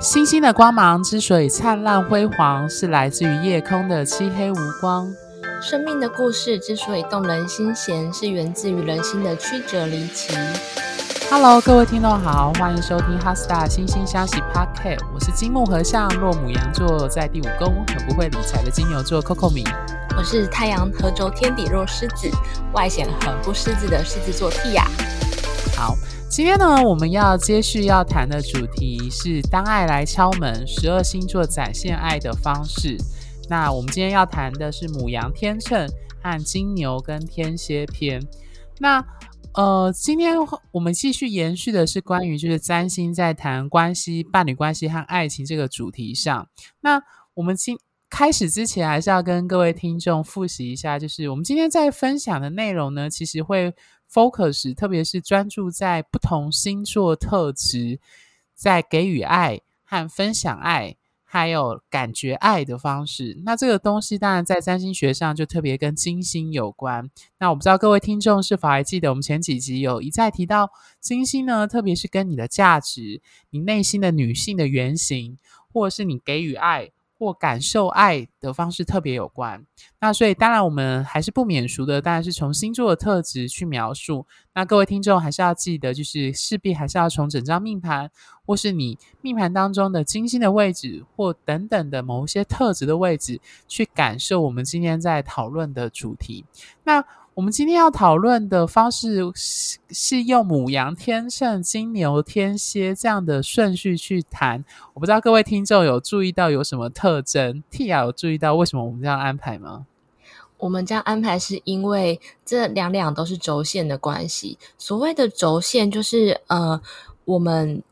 星星的光芒之所以燦爛輝煌，是來自於夜空的漆黑無光。生命的故事之所以動人心弦，是源自於人心的曲折離奇。Hello，各位聽眾好，歡迎收聽 HeartStar 心星相惜 Podcast。我是金木合相，落牡羊座，在第五宮，很不會理財的金牛座 Coco 米。我是太陽合軸天底弱獅子，外顯很不獅子的獅子座 Pia，好。今天呢，我們要接續要談的主題是“當愛來敲門”，十二星座展現愛的方式。那我們今天要談的是牡羊天秤和金牛跟天蠍篇。那呃，今天我們繼續延續的是關於就是占星在談關係、伴侶關係和愛情這個主題上。那我們今開始之前，還是要跟各位聽眾複習一下，就是我們今天在分享的內容呢，其實會。focus，特別是專注在不同星座特質，在給予愛和分享愛，還有感覺愛的方式。那這個東西當然在占星學上就特別跟金星有關。那我不知道各位聽眾是否還記得，我們前幾集有一再提到金星呢，特別是跟你的價值、你內心的女性的原型，或者是你給予愛。或感受愛的方式特別有關，那所以當然我們還是不免俗的，當然是從星座的特質去描述。那各位聽眾還是要記得，就是勢必還是要從整張命盤，或是你命盤當中的金星的位置，或等等的某一些特質的位置，去感受我們今天在討論的主題。那我們今天要討論的方式是是用牡羊天秤，金牛天蠍這樣的順序去談。我不知道各位聽眾有注意到有什麼特徵？Tia 有注意到為什麼我們這樣安排嗎？我們這樣安排是因為這兩兩都是軸線的關係。所謂的軸線就是呃，我們。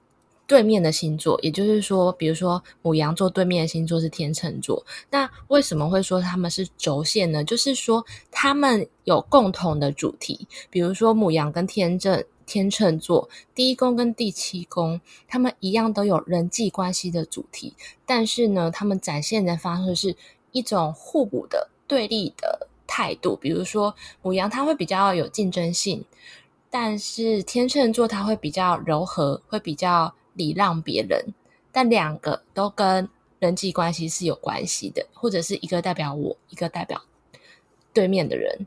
對面的星座，也就是說，比如說牡羊座對面的星座是天秤座。那為什麼會說他們是軸線呢？就是說他們有共同的主題，比如說牡羊跟天秤，天秤座第一宮跟第七宮，他們一樣都有人際關係的主題。但是呢，他們展現的方式是一種互補的對立的態度。比如說牡羊，它會比較有競爭性，但是天秤座它會比較柔和，會比較。你讓別人，但兩個都跟人際關係是有關係的，或者是一個代表我，一個代表對面的人。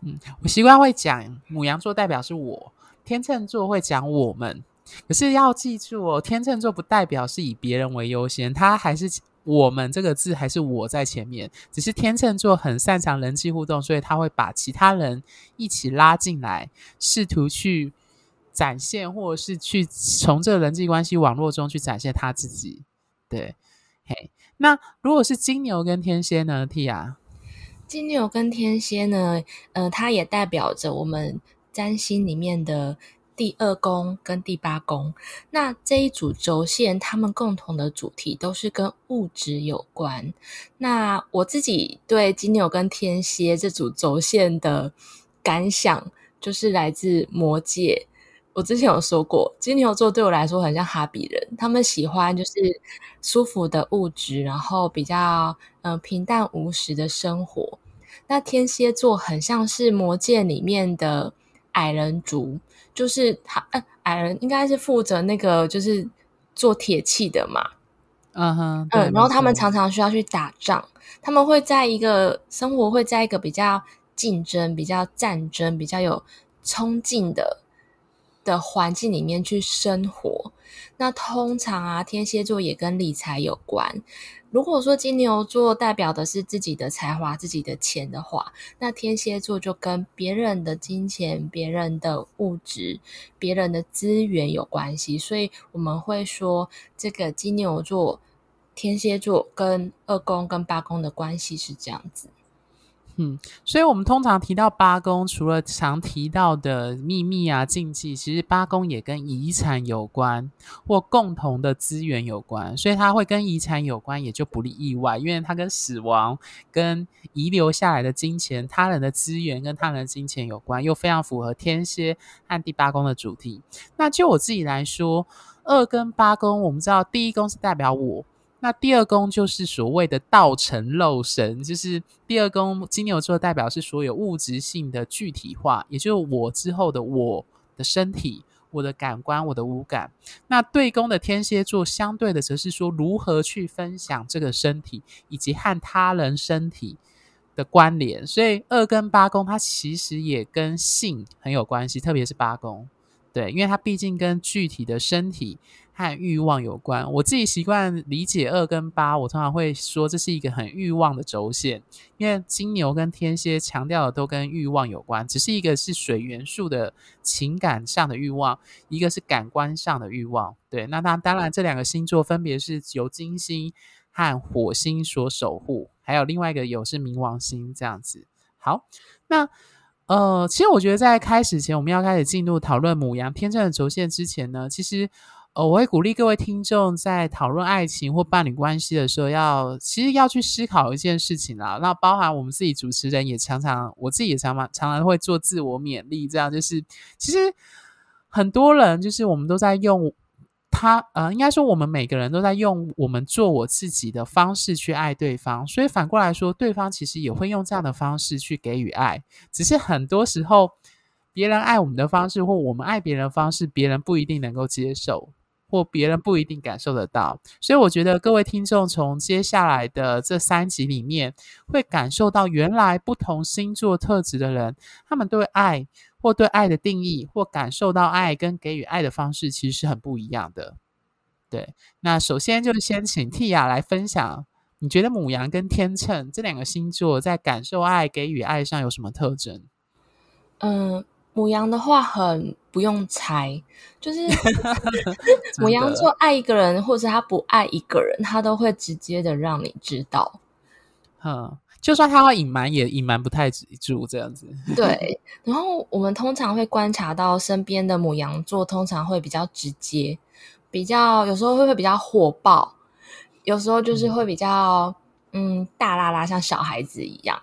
嗯，我習慣會講母羊座代表是我，天秤座會講我們。可是要記住哦，天秤座不代表是以別人為優先，他還是“我們”這個字還是我在前面。只是天秤座很擅長人際互動，所以他會把其他人一起拉進來，試圖去。展現，或者是去從這人際關係網絡中去展現他自己，對，嘿。那如果是金牛跟天蠍呢，Tia？金牛跟天蠍呢，呃，它也代表着我們占星裡面的第二宮跟第八宮。那這一組軸線，他們共同的主題都是跟物質有關。那我自己對金牛跟天蠍這組軸線的感想，就是來自魔戒。我之前有說過，金牛座對我來說很像哈比人，他們喜歡就是舒服的物質，然後比較嗯、呃、平淡無奇的生活。那天蠍座很像是魔戒裡面的矮人族，就是他呃矮人應該是負責那個就是做鐵器的嘛，嗯哼、uh huh, 嗯，對，然後他們常常需要去打仗，他們會在一個生活會在一個比較競爭、比較戰爭、比較有衝勁的。的環境裡面去生活，那通常啊，天蠍座也跟理財有關。如果說金牛座代表的是自己的才華、自己的錢的話，那天蠍座就跟別人的金錢、別人的物質、別人的資源有關係。所以我們會說，這個金牛座、天蠍座跟二宮跟八宮的關係是這樣子。嗯，所以，我們通常提到八宮，除了常提到的秘密啊、禁忌，其實八宮也跟遺產有關，或共同的資源有關，所以它會跟遺產有關，也就不令意外，因為它跟死亡、跟遺留下來的金錢、他人的資源、跟他人的金錢有關，又非常符合天蠍和第八宮的主題。那就我自己來說，二跟八宮，我們知道第一宮是代表我。那第二宮就是所謂的道成肉身，就是第二宮金牛座代表是所有物質性的具體化，也就是我之後的我的身體、我的感官、我的五感。那對宮的天蠍座相對的則是說如何去分享這個身體以及和他人身體的關聯。所以二跟八宮它其實也跟性很有關係，特別是八宮。對，因為它畢竟跟具體的身體和欲望有關。我自己習慣理解二跟八，我通常會說這是一個很欲望的軸線，因為金牛跟天蠍強調的都跟欲望有關，只是一個是水元素的情感上的欲望，一個是感官上的欲望。對，那它當然這兩個星座分別是由金星和火星所守護，還有另外一個有是冥王星這樣子。好，那。呃，其實我覺得在開始前，我們要開始進入討論牡羊天秤的軸線之前呢，其實呃，我會鼓勵各位聽眾在討論愛情或伴侶關係的時候要，要其實要去思考一件事情啦，那包含我們自己主持人也常常，我自己也常常常常會做自我勉勵，這樣就是其實很多人就是我們都在用。他呃，應該說我們每個人都在用我們做我自己的方式去愛對方，所以反過來說，對方其實也會用這樣的方式去給予愛。只是很多時候，別人愛我們的方式，或我們愛別人的方式，別人不一定能夠接受，或別人不一定感受得到。所以，我覺得各位聽眾從接下來的這三集裡面，會感受到原來不同星座特質的人，他們對愛。或對愛的定義，或感受到愛跟給予愛的方式，其實是很不一樣的。對，那首先就是先請 Tia 來分享，你覺得牡羊跟天秤這兩個星座在感受愛、給予愛上有什麼特徵？嗯、呃，牡羊的話很不用猜，就是 牡羊座愛一個人 的或者他不愛一個人，他都會直接的讓你知道。哼。就算他會隱瞞，也隱瞞不太住這樣子。對，然後我們通常會觀察到身邊的牡羊座，通常會比較直接，比較有時候會會比較火爆，有時候就是會比較嗯，嗯大剌剌像小孩子一樣。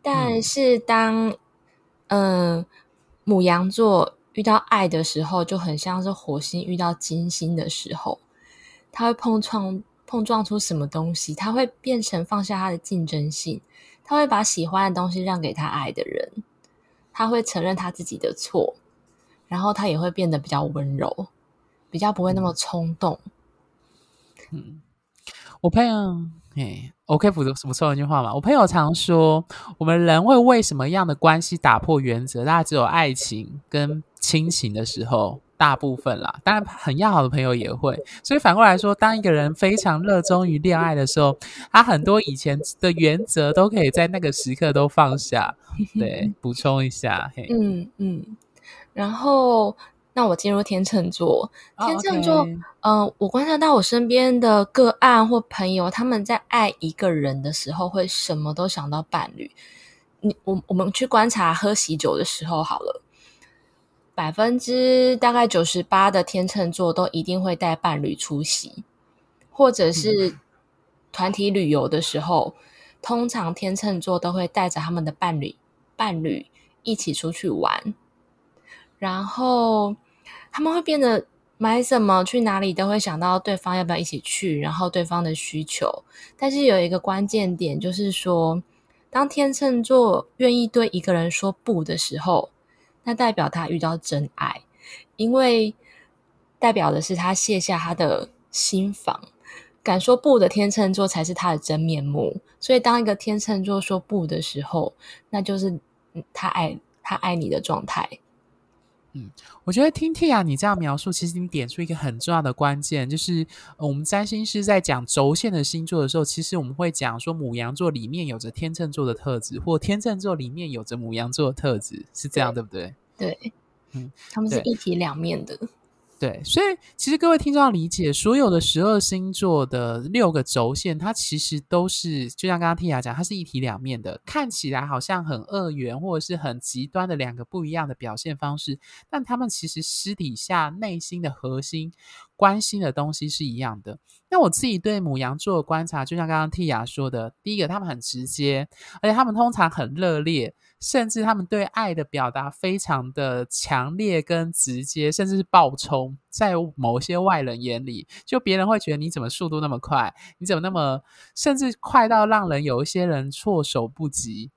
但是當嗯、呃、牡羊座遇到愛的時候，就很像是火星遇到金星的時候，它會碰撞。碰撞出什麼東西，他會變成放下他的競爭性，他會把喜歡的東西讓給他愛的人，他會承認他自己的錯，然後他也會變得比較溫柔，比較不會那麼衝動。嗯，我朋友，哎、欸，我可以補充補充一句話嗎？我朋友常說，我們人會為什麼樣的關係打破原則？大家只有愛情跟親情的時候。大部分啦，當然很要好的朋友也會。所以反過來說，當一個人非常熱衷於戀愛的時候，他很多以前的原則都可以在那個時刻都放下。對，補充一下。 嘿嗯嗯。然後，那我進入天秤座。哦、天秤座，嗯、哦 okay 呃，我觀察到我身邊的個案或朋友，他們在愛一個人的時候，會什麼都想到伴侶。你我我們去觀察喝喜酒的時候好了。百分之大概九十八的天秤座都一定會帶伴侶出席，或者是團體旅遊的時候，通常天秤座都會帶着他們的伴侶，伴侶一起出去玩。然後他們會變得買什麼、去哪裡都會想到對方要不要一起去，然後對方的需求。但是有一個關鍵點就是說，當天秤座願意對一個人說不的時候。那代表他遇到真愛，因為代表的是他卸下他的心防，敢說不的天秤座才是他的真面目。所以，當一個天秤座說不的時候，那就是嗯他愛他愛你的狀態。嗯，我覺得聽 Tia，你這樣描述，其實你點出一個很重要的關鍵，就是、呃、我們占星師在講軸線的星座的時候，其實我們會講說牡羊座裡面有着天秤座的特質，或天秤座裡面有着牡羊座的特質，是這樣對，對不對？對，嗯，他們是一體兩面的。對，所以其實各位聽眾要理解，所有的十二星座的六個軸線，它其實都是就像剛剛聽雅講，它是一體兩面的，看起來好像很二元或者是很極端的兩個不一樣的表現方式，但他們其實私底下內心的核心。關心的東西是一樣的。那我自己對牡羊座的觀察，就像剛剛 T 雅說的，第一個，他們很直接，而且他們通常很熱烈，甚至他們對愛的表達非常的強烈跟直接，甚至是暴衝。在某些外人眼裡，就別人會覺得你怎麼速度那麼快？你怎麼那麼，甚至快到讓人有一些人措手不及？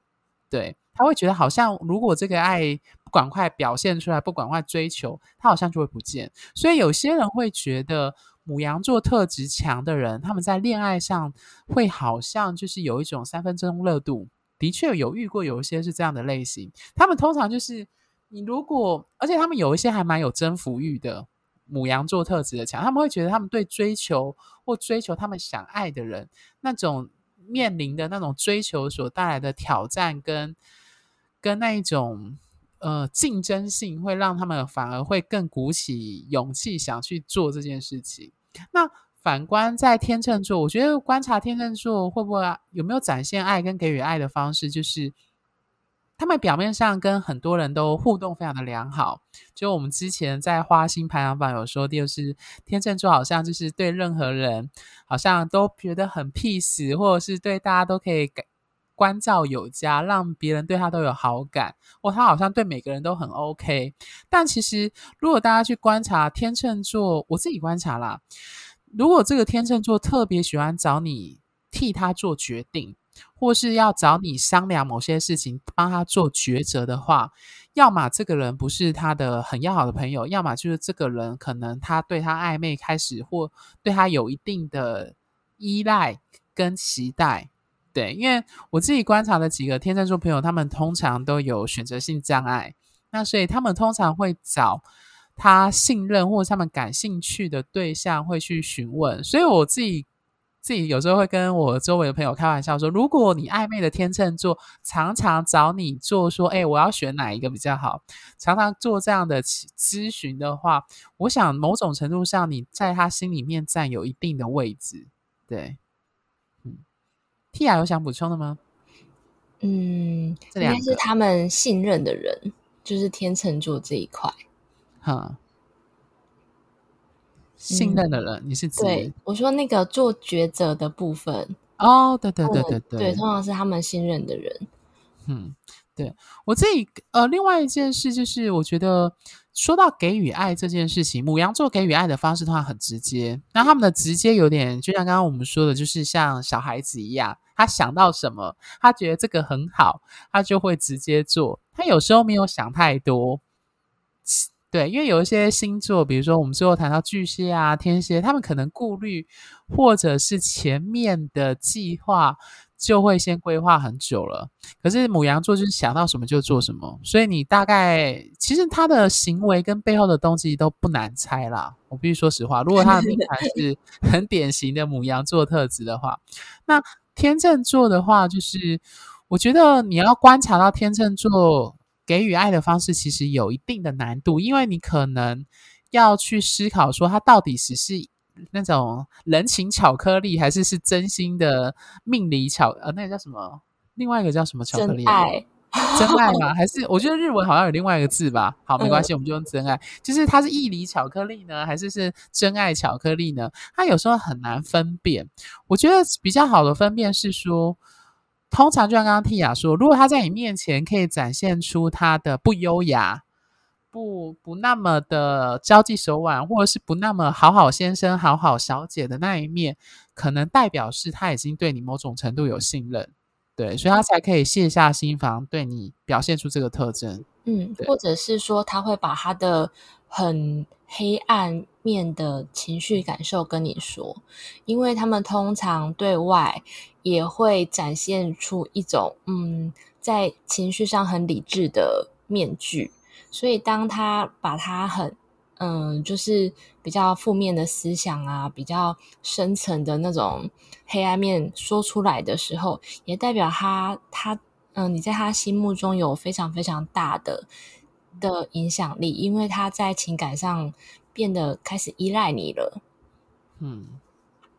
對。他會覺得好像，如果這個愛不趕快表現出來，不趕快追求，他好像就會不見。所以有些人會覺得，牡羊座特質強的人，他們在戀愛上會好像就是有一種三分鐘熱度。的確有遇過有一些是這樣的類型，他們通常就是你如果，而且他們有一些還蠻有征服欲的牡羊座特質的強，他們會覺得他們對追求或追求他們想愛的人那種面臨的那種追求所帶來的挑戰跟。跟那一種，呃，競爭性會讓他們反而會更鼓起勇氣想去做這件事情。那反觀在天秤座，我覺得觀察天秤座會不會有沒有展現愛跟給予愛的方式，就是他們表面上跟很多人都互動非常的良好。就我們之前在花心排行榜有說，就是天秤座好像就是對任何人好像都覺得很 peace，或者是對大家都可以關照有加，讓別人對他都有好感。哇、哦，他好像對每個人都很 OK。但其實，如果大家去觀察天秤座，我自己觀察啦，如果這個天秤座特別喜歡找你替他做決定，或是要找你商量某些事情幫他做抉擇的話，要麼這個人不是他的很要好的朋友，要麼就是這個人可能他對他曖昧開始，或對他有一定的依賴跟期待。對，因為我自己觀察的幾個天秤座朋友，他們通常都有選擇性障礙，那所以他們通常會找他信任或者他們感興趣的對象會去詢問。所以我自己自己有時候會跟我周圍的朋友開玩笑說，如果你曖昧的天秤座常常找你做說，哎、欸，我要選哪一個比較好，常常做這樣的諮詢的話，我想某種程度上你在他心裡面佔有一定的位置，對。Pia 有想補充的嗎？嗯，這兩應該是他們信任的人，就是天秤座這一塊。哈，信任的人，嗯、你是指我說那個做抉擇的部分？哦，對對對對對、嗯、對，對，通常是他們信任的人。嗯，對我這一呃，另外一件事就是，我覺得說到給予愛這件事情，牡羊座給予愛的方式的話很直接，那他們的直接有點就像剛剛我們說的，就是像小孩子一樣。他想到什麼，他覺得這個很好，他就會直接做。他有時候沒有想太多，對，因為有一些星座，比如說我們最後談到巨蟹啊、天蠍，他們可能顧慮或者是前面的計劃就會先規劃很久了。可是牡羊座就是想到什麼就做什麼，所以你大概其實他的行為跟背後的東西都不難猜啦。我必須說實話，如果他的命盤是很典型的牡羊座特質的話，那。天秤座的話，就是我覺得你要觀察到天秤座給予愛的方式，其實有一定的難度，因為你可能要去思考說，他到底只是那種人情巧克力，還是是真心的命理巧？呃、啊，那個叫什麼？另外一個叫什麼巧克力？真愛嗎？還是我覺得日文好像有另外一個字吧。好，沒關係，我們就用真愛。就是它是義理巧克力呢，還是是真愛巧克力呢？它有時候很難分辨。我覺得比較好的分辨是說，通常就像剛剛 Tia 說，如果他在你面前可以展現出他的不優雅、不不那麼的交際手腕，或者是不那麼好好先生、好好小姐的那一面，可能代表是他已經對你某種程度有信任。對，所以他才可以卸下心防，對你表現出這個特徵。嗯，或者是說他會把他的很黑暗面的情緒感受跟你說，因為他們通常對外也會展現出一種嗯，在情緒上很理智的面具。所以當他把他很。嗯，就是比較負面的思想啊，比較深層的那種黑暗面，說出來的時候，也代表他他嗯，你在他心目中有非常非常大的的影響力，因為他在情感上變得開始依賴你了。嗯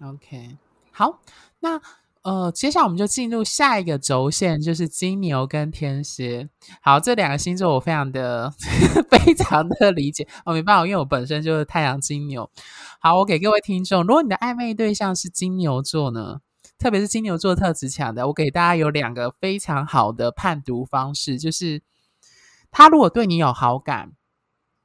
，okay，好，那。呃，接下來我們就進入下一個軸線，就是金牛跟天蠍。好，這兩個星座我非常的 非常的理解哦，沒辦法，因為我本身就是太陽金牛。好，我給各位聽眾，如果你的曖昧對象是金牛座呢，特別是金牛座特質強的，我給大家有兩個非常好的判讀方式，就是他如果對你有好感，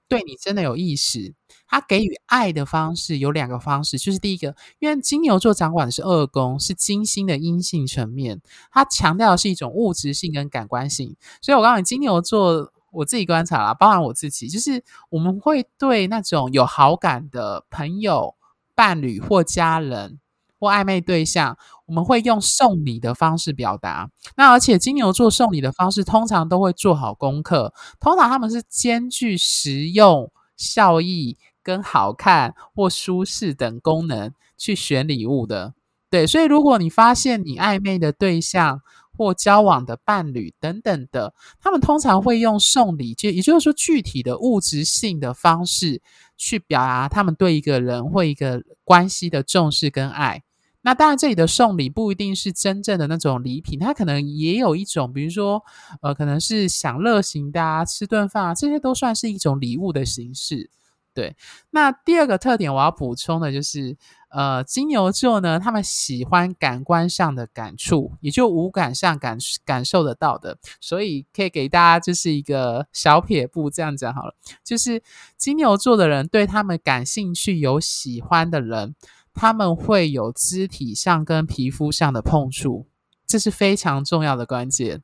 對你真的有意思。他給予愛的方式有兩個方式，就是第一個，因為金牛座掌管的是二宮，是金星的陰性層面，他強調的是一種物質性跟感官性。所以我告訴你，金牛座我自己觀察啦，包含我自己，就是我們會對那種有好感的朋友、伴侶或家人或曖昧對象，我們會用送禮的方式表達。那而且金牛座送禮的方式通常都會做好功課，通常他們是兼具實用效益。跟好看或舒適等功能去選禮物的。對，所以如果你發現你曖昧的對象或交往的伴侶等等的，他們通常會用送禮，就也就是說具體的物質性的方式去表達他們對一個人或一個關係的重視跟愛。那當然，這裡的送禮不一定是真正的那種禮品，它可能也有一種，比如說，呃，可能是享樂型的，啊，吃頓飯啊，這些都算是一種禮物的形式。對，那第二個特點我要補充的就是，呃，金牛座呢，他們喜歡感官上的感觸，也就五感上感感受得到的，所以可以給大家就是一個小撇步，這樣講好了。就是金牛座的人對他們感興趣、有喜歡的人，他們會有肢體上跟皮膚上的碰觸，這是非常重要的關鍵。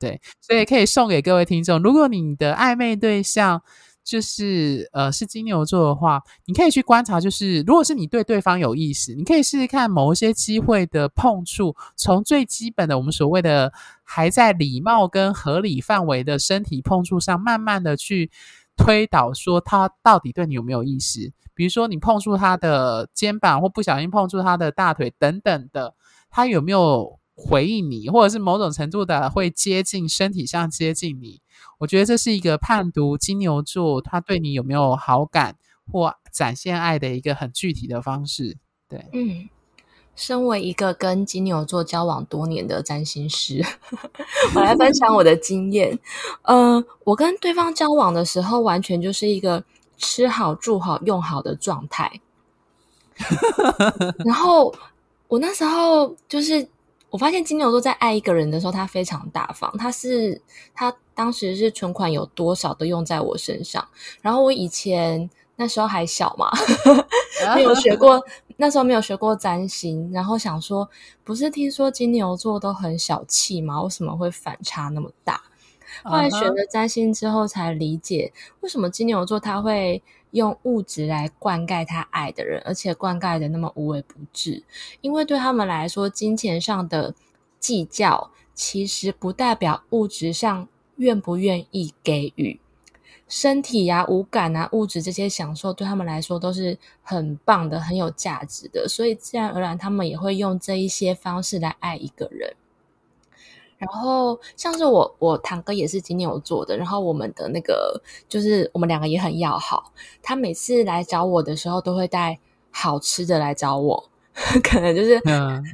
對，所以可以送給各位聽眾，如果你的曖昧對象。就是呃，是金牛座的話，你可以去觀察。就是如果是你對對方有意思，你可以試試看某一些機會的碰觸，從最基本的我們所謂的還在禮貌跟合理範圍的身體碰觸上，慢慢的去推導說他到底對你有沒有意思。比如說你碰觸他的肩膀，或不小心碰觸他的大腿等等的，他有沒有回應你，或者是某種程度的會接近身體上接近你。我覺得這是一個判讀金牛座他對你有沒有好感或展現愛的一個很具體的方式。對，嗯，身為一個跟金牛座交往多年的占星師，我來分享我的經驗。 呃，我跟對方交往的時候，完全就是一個吃好、住好、用好的狀態。 然後我那時候就是我發現金牛座在愛一個人的時候，他非常大方，他是他。當時是存款有多少都用在我身上，然後我以前那時候還小嘛，呵呵 uh huh. 沒有學過，那時候沒有學過占星，然後想說，不是聽說金牛座都很小氣嗎？為什麼會反差那麼大？Uh huh. 後來學了占星之後才理解，為什麼金牛座他會用物質來灌溉他愛的人，而且灌溉得那麼無微不至，因為對他們來說，金錢上的計較其實不代表物質上。願不願意給予身體呀、啊、五感啊、物質這些享受，對他們來說都是很棒的、很有價值的，所以自然而然，他們也會用這一些方式來愛一個人。然後，像是我，我堂哥也是金牛座的，然後我們的那個，就是我們兩個也很要好，他每次來找我的時候，都會帶好吃的來找我。 可能就是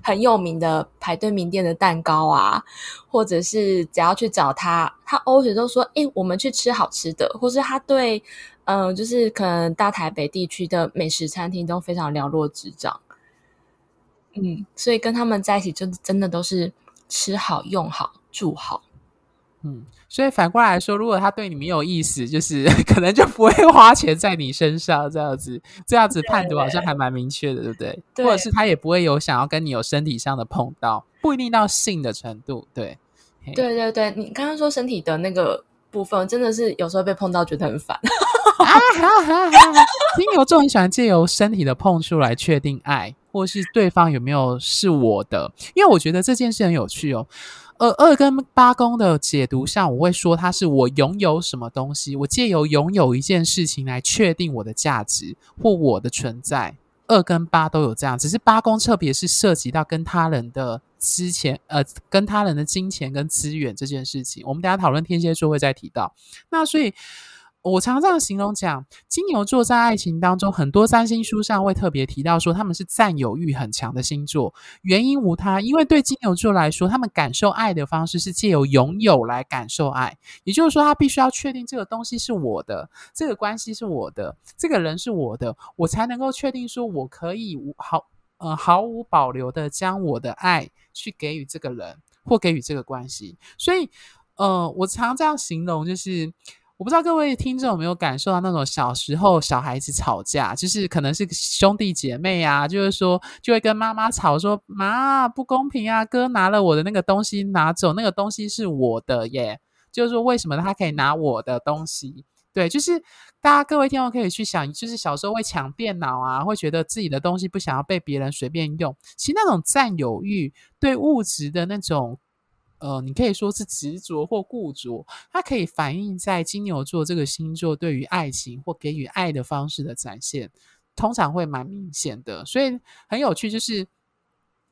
很有名的排隊名店的蛋糕啊，或者是只要去找他，他偶爾都說：“誒、欸，我們去吃好吃的。”，或是他對，嗯、呃，就是可能大台北地區的美食餐廳都非常了如指掌。嗯，所以跟他們在一起，就真的都是吃好、用好、住好。嗯，所以反過來說，如果他對你沒有意思，就是可能就不會花錢在你身上，這樣子，這樣子判斷好像還蠻明確的，對，對不對？對，或者是他也不會有想要跟你有身體上的碰到，不一定到性的程度，對，對對對。你剛剛說身體的那個部分，真的是有時候被碰到覺得很煩。哈哈哈哈，金牛座很喜歡借由身體的碰觸來確定愛？或是對方有沒有是我的，因為我覺得這件事很有趣哦。呃，二跟八宮的解讀上，我會說它，是我擁有什麼東西，我借由擁有一件事情來確定我的價值或我的存在。二跟八都有這樣，只是八宮特別是涉及到跟他人的之前，呃，跟他人的金錢跟資源這件事情，我們等下討論天蠍座會再提到。那所以。我常常這樣形容講，金牛座在愛情當中，很多占星書上會特別提到說，他們是占有欲很強的星座。原因無他，因為對金牛座來說，他們感受愛的方式是借由擁有來感受愛。也就是說，他必須要確定這個東西是我的，這個關係是我的，這個人是我的，我才能夠確定說我可以無毫呃毫無保留的將我的愛去給予這個人或給予這個關係。所以，呃，我常這樣形容就是。我不知道各位聽眾有沒有感受到那種小時候小孩子吵架，就是可能是兄弟姐妹啊，就是說就會跟媽媽吵說，說媽不公平啊，哥拿了我的那個東西拿走，那個東西是我的耶，就是說為什麼他可以拿我的東西？對，就是大家各位聽眾可以去想，就是小時候會搶電腦啊，會覺得自己的東西不想要被別人隨便用，其實那種佔有慾對物質的那種。呃，你可以說是執着或固着，它可以反映在金牛座這個星座對於愛情或給予愛的方式的展現，通常會蠻明顯的。所以很有趣，就是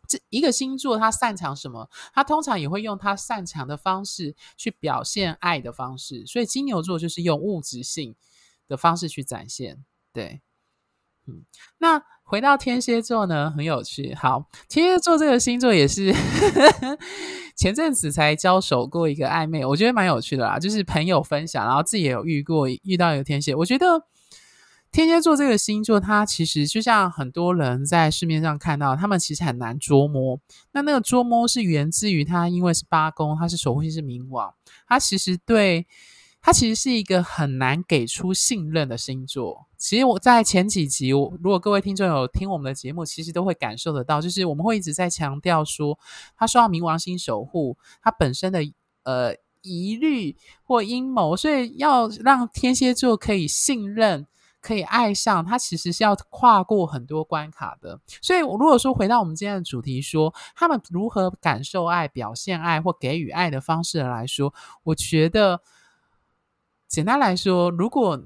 這一個星座他擅長什麼，他通常也會用他擅長的方式去表現愛的方式。所以金牛座就是用物質性的方式去展現。對，嗯，那。回到天蠍座呢，很有趣。好，天蠍座這個星座也是呵呵前陣子才交手過一個曖昧，我覺得蠻有趣的啦。就是朋友分享，然後自己也有遇過，遇到一個天蠍。我覺得天蠍座這個星座，它其實就像很多人在市面上看到，他們其實很難捉摸。那那個捉摸是源自於它，因為是八宮，它是守護星是冥王，它其實對。它其實是一個很難給出信任的星座。其實我在前幾集，我如果各位聽眾有聽我們的節目，其實都會感受得到，就是我們會一直在強調說，他受到冥王星守護，他本身的呃疑慮或陰謀，所以要讓天蠍座可以信任、可以愛上他，它其實是要跨過很多關卡的。所以，我如果說回到我們今天的主題說，說他們如何感受愛、表現愛或給予愛的方式來說，我覺得。簡單來說，如果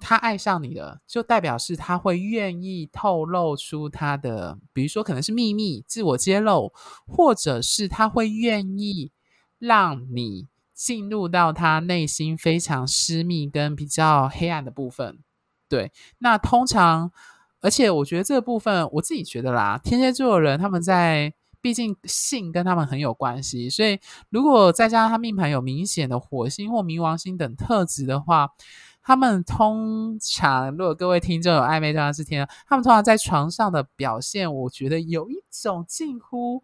他愛上你了，就代表是他會願意透露出他的，比如說可能是祕密、自我揭露，或者是他會願意讓你進入到他內心非常私密跟比較黑暗的部分。對，那通常，而且我覺得這個部分，我自己覺得啦，天蠍座的人他們在。畢竟性跟他們很有關係，所以如果再加上他命盤有明顯的火星或冥王星等特質的話，他們通常如果各位聽眾有曖昧對象是天，他們通常在床上的表現，我覺得有一種近乎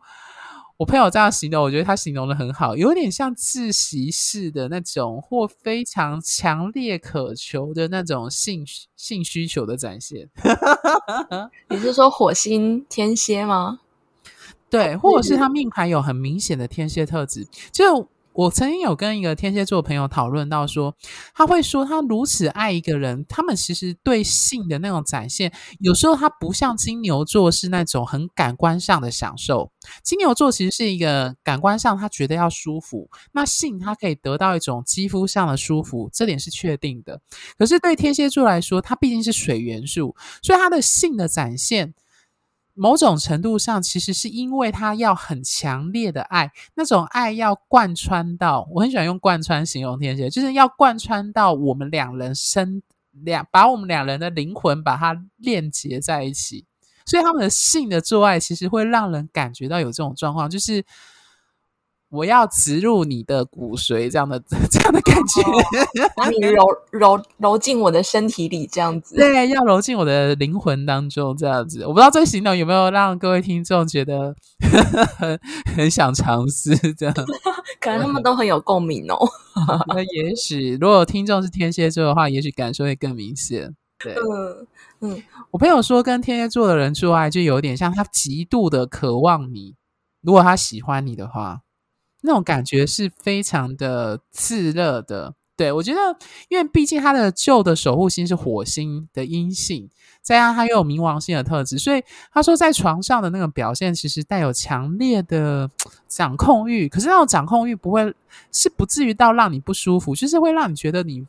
我朋友這樣形容，我覺得他形容的很好，有點像窒息式的那種，或非常強烈渴求的那種性性需求的展現。 你是說火星天蠍嗎？對，或者是他命盤有很明顯的天蠍特質。就我曾經有跟一個天蠍座的朋友討論到說，他會說他如此愛一個人，他們其實對性的那種展現，有時候他不像金牛座是那種很感官上的享受。金牛座其實是一個感官上他覺得要舒服，那性他可以得到一種肌膚上的舒服，這點是確定的。可是對天蠍座來說，他畢竟是水元素，所以他的性的展現。某種程度上，其實是因為他要很強烈的愛，那種愛要貫穿到，我很喜歡用“貫穿”形容天蠍，就是要貫穿到我們兩人身兩，把我們兩人的靈魂把它鏈接在一起，所以他們的性的做愛，其實會讓人感覺到有這種狀況，就是。我要植入你的骨髓，這樣的這樣的感覺，把、oh, 你揉揉揉進我的身體裡，這樣子。對，要揉進我的靈魂當中，這樣子。我不知道這行動有沒有讓各位聽眾覺得很 很想嘗試，這樣 可能他們都很有共鳴哦。那 也許，如果聽眾是天蠍座的話，也許感受會更明顯。對，嗯嗯，嗯我朋友說，跟天蠍座的人做愛就有點像，他極度的渴望你，如果他喜歡你的話。那種感覺是非常的熾熱的，對，我覺得，因為畢竟他的舊的守護星是火星的陰性，再加上他又有冥王星的特質，所以他說在床上的那個表現，其實帶有強烈的掌控慾。可是那種掌控慾不會，是不至於到讓你不舒服，就是會讓你覺得你。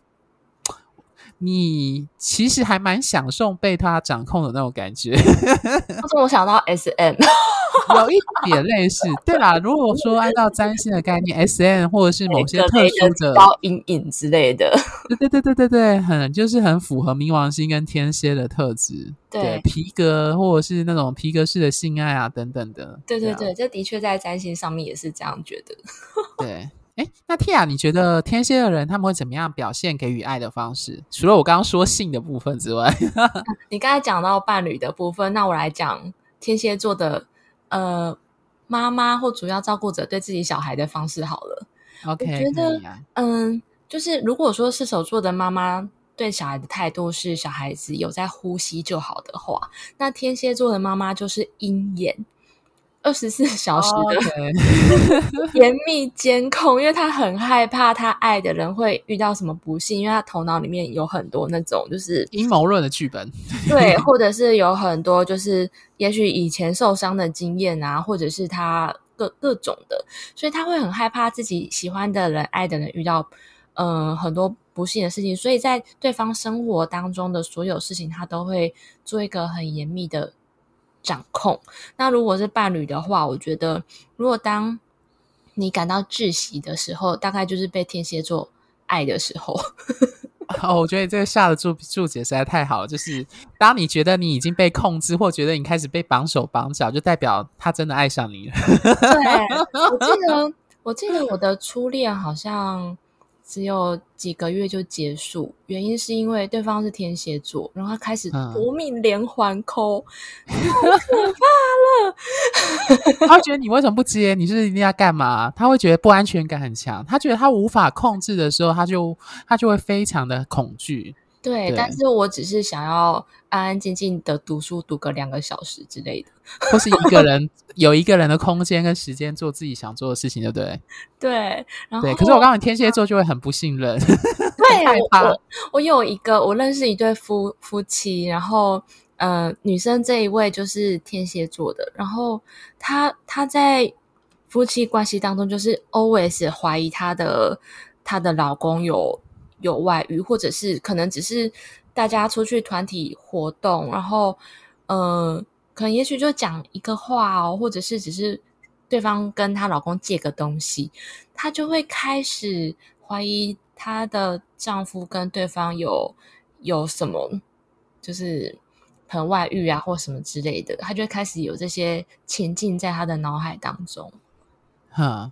你其實還蠻享受被他掌控的那種感覺。他說：“我想到、SM、S N， 有一點類似。 對啦。如果說按照占星的概念，SM 或者是某些特殊的包、陰影、欸、之類的。對對對對對對，很就是很符合冥王星跟天蠍的特質。對，對，皮革或者是那種皮革式的性愛啊等等的。對對對，這，樣這的確在占星上面也是這樣覺得。 對。哎，那 Tia，你覺得天蠍的人他們會怎麼樣表現給予愛的方式？除了我剛剛說性的部分之外 ，你剛才講到伴侶的部分，那我來講天蠍座的呃媽媽或主要照顧者對自己小孩的方式好了。OK，我覺得嗯、呃，就是如果說射手座的媽媽對小孩的態度是小孩子有在呼吸就好的話，那天蠍座的媽媽就是鷹眼。二十四小時的、oh, okay. 嚴密監控，因為他很害怕他愛的人會遇到什麼不幸，因為他頭腦裡面有很多那種就是陰謀論的劇本， 對，或者是有很多就是也許以前受傷的經驗啊，或者是他各各種的，所以他會很害怕自己喜歡的人、愛的人遇到嗯、呃、很多不幸的事情，所以在對方生活當中的所有事情，他都會做一個很嚴密的。掌控。那如果是伴侶的話，我覺得，如果當你感到窒息的時候，大概就是被天蠍座愛的時候。哦，我覺得這個下的注註解實在太好了，就是當你覺得你已經被控制，或覺得你開始被綁手綁腳，就代表他真的愛上你了。對，我記得， 我記得我的初戀好像。只有幾個月就結束，原因是因為對方是天蠍座，然後他開始奪命連環扣，嗯、 可怕了。 他會覺得你為什麼不接？你是不是一定要幹嘛？他會覺得不安全感很強。他覺得他無法控制的時候，他就他就會非常的恐懼。對，對，但是我只是想要安安靜靜的讀書，讀個兩個小時之類的，或是一個人 有一個人的空間跟時間做自己想做的事情，對不對？對，然後對，可是我告訴你，天蠍座就會很不信任，對，害怕。我有一個，我認識一對夫夫妻，然後呃，女生這一位就是天蠍座的，然後她她在夫妻關係當中就是 always 懷疑她的她的老公有。有外遇，或者是可能只是大家出去團體活動，然後，嗯、呃，可能也許就講一個話哦，或者是只是對方跟她老公借個東西，她就會開始懷疑她的丈夫跟對方有有什麼，就是很外遇啊，或什麼之類的，她就會開始有這些情境在她的腦海當中，哈。Huh.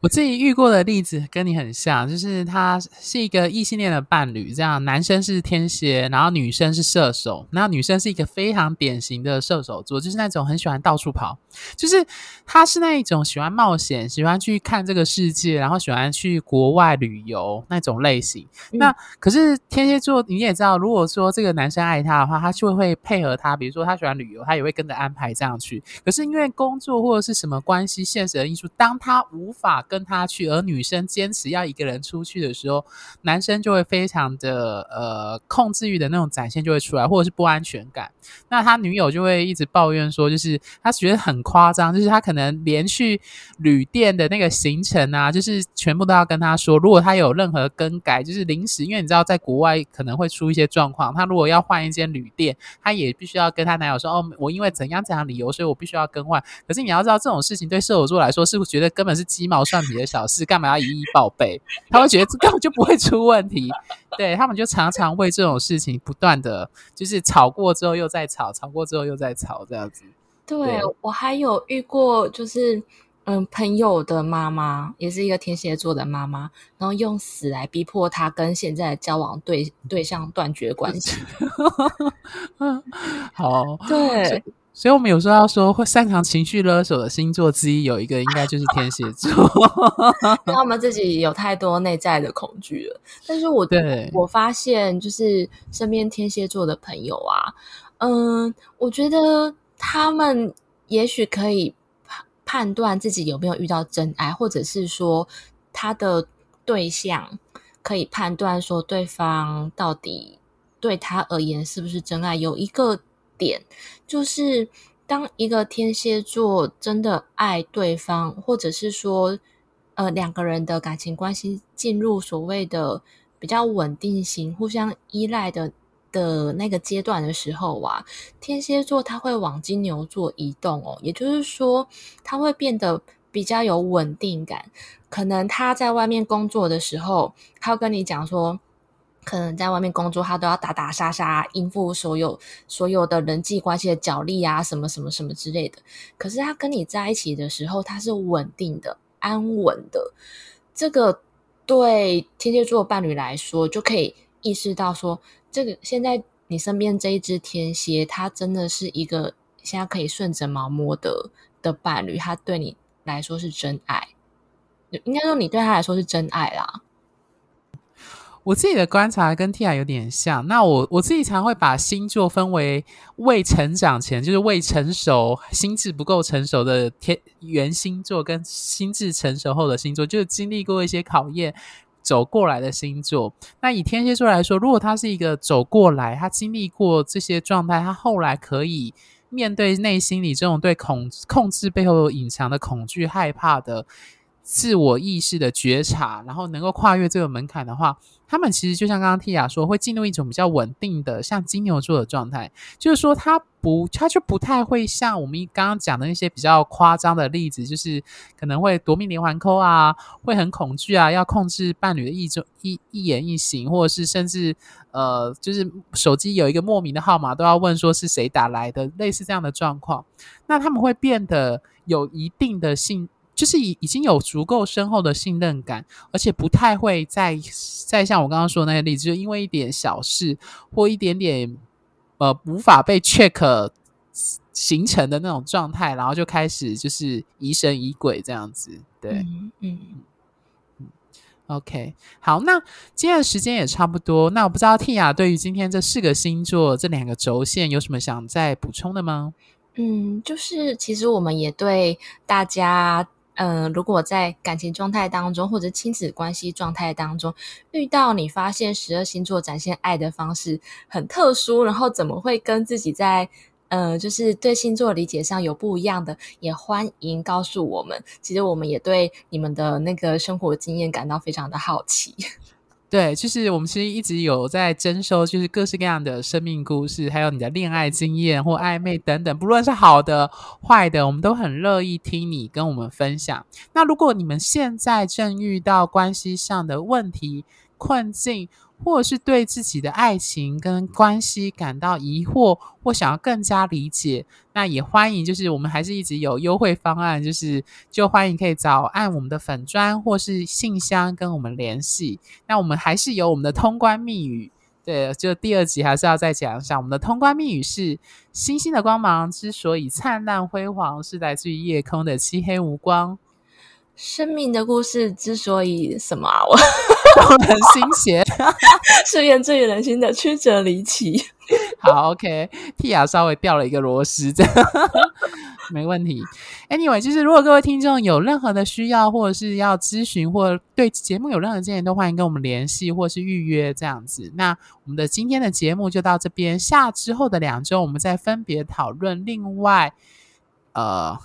我自己遇過的例子跟你很像，就是他是一個異性戀的伴侶，這樣男生是天蠍，然後女生是射手，那女生是一個非常典型的射手座，就是那種很喜歡到處跑，就是他是那一種喜歡冒險、喜歡去看這個世界，然後喜歡去國外旅遊那種類型。嗯、那可是天蠍座，你也知道，如果說這個男生愛他的話，他就會配合他，比如說他喜歡旅遊，他也會跟着安排這樣去。可是因為工作或者是什麼關係，現實的因素，當他無法跟他去，而女生堅持要一個人出去的時候，男生就會非常的呃控制慾的那種展現就會出來，或者是不安全感。那他女友就會一直抱怨說，就是他覺得很誇張，就是他可能連續旅店的那個行程啊，就是全部都要跟他說。如果他有任何更改，就是臨時，因為你知道在國外可能會出一些狀況。他如果要換一間旅店，他也必須要跟他男友說：“哦，我因為怎樣怎樣理由，所以我必須要更換。”可是你要知道，這種事情對射手座來說是不是覺得根本是基雞毛蒜皮的小事，幹嘛要一,一一報備？他會覺得這根本就不會出問題。對他們就常常為這種事情不斷的就是吵過之後又再吵，吵過之後又再吵這樣子。對，對我還有遇過，就是嗯，朋友的媽媽也是一個天蠍座的媽媽，然後用死來逼迫她跟現在的交往對對象斷絕關係。 好，對。所以我們有時候要說，會擅長情緒勒索的星座之一，有一個應該就是天蠍座。 他們自己有太多內在的恐懼了。但是我對，我我發現，就是身邊天蠍座的朋友啊，嗯、呃，我覺得他們也許可以判判斷自己有沒有遇到真愛，或者是說他的對象可以判斷說對方到底對他而言是不是真愛，有一個。點就是，當一個天蠍座真的愛對方，或者是說，呃，兩個人的感情關係進入所謂的比較穩定性、互相依賴的的那個階段的時候啊，天蠍座他會往金牛座移動哦，也就是說，他會變得比較有穩定感。可能他在外面工作的時候，他會跟你講說。可能在外面工作，他都要打打殺殺、啊，應付所有所有的人際關係的角力啊，什麼什麼什麼之類的。可是他跟你在一起的時候，他是穩定的、安穩的。這個對天蠍座伴侶來說，就可以意識到說，這個現在你身邊這一隻天蠍，他真的是一個現在可以順着毛摸的的伴侶，他對你來說是真愛，應該說你對他來說是真愛啦。我自己的觀察跟 Tia 有點像，那我我自己常會把星座分為未成長前，就是未成熟、心智不夠成熟的天原星座，跟心智成熟後的星座，就是經歷過一些考驗走過來的星座。那以天蠍座來說，如果他是一個走過來，他經歷過這些狀態，他後來可以面對內心裡這種對恐控制背後隱藏的恐懼、害怕的。自我意識的覺察，然後能夠跨越這個門檻的話，他們其實就像剛剛 Tia 說，會進入一種比較穩定的，像金牛座的狀態。就是說，他不，他就不太會像我們剛剛講的那些比較誇張的例子，就是可能會奪命連環 call 啊，會很恐懼啊，要控制伴侶的一種，一言一行，或者是甚至呃，就是手機有一個莫名的號碼都要問說是誰打來的，類似這樣的狀況。那他們會變得有一定的性。就是已已經有足夠深厚的信任感，而且不太會再再像我剛剛說的那些例子，就因為一點小事或一點點呃無法被 check 形成的那種狀態，然後就開始就是疑神疑鬼這樣子。對，嗯嗯嗯，OK，好，那今天的時間也差不多，那我不知道 Tia 對於今天這四個星座這兩個軸線有什麼想再補充的嗎？嗯，就是其實我們也對大家。嗯、呃，如果在感情狀態當中，或者親子關係狀態當中，遇到你發現十二星座展現愛的方式很特殊，然後怎麼會跟自己在嗯、呃，就是對星座理解上有不一樣的，也歡迎告訴我們。其實我們也對你們的那個生活經驗感到非常的好奇。對，就是我們其實一直有在徵收，就是各式各樣的生命故事，還有你的戀愛經驗或曖昧等等，不論是好的、壞的，我們都很樂意聽你跟我們分享。那如果你們現在正遇到關係上的問題、困境，或者是對自己的愛情跟關係感到疑惑，或想要更加理解，那也歡迎。就是我們還是一直有優惠方案，就是就歡迎可以找按我們的粉專或是信箱跟我們聯繫。那我們還是有我們的通關密語，對，就第二集還是要再講一下我們的通關密語是：星星的光芒之所以燦爛輝煌，是來自於夜空的漆黑無光。生命的故事之所以什麼、啊、我很新鮮，是源自於人心的曲折離奇。 好，OK，Tia 稍微掉了一個螺絲，這 樣沒問題。Anyway，就是如果各位聽眾有任何的需要，或者是要諮詢，或者對節目有任何建議，都歡迎跟我們聯繫，或是預約這樣子。那我們的今天的節目就到這邊，下之後的兩周，我們再分別討論另外呃。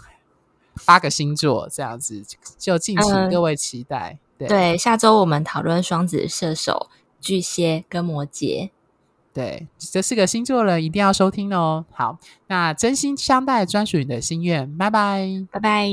八個星座這樣子就，就敬請各位期待。呃、對，對，下周我們討論雙子、射手、巨蟹跟摩羯。對，這四個星座人一定要收聽哦。好，那真心相待，專屬你的心願，拜拜，拜拜。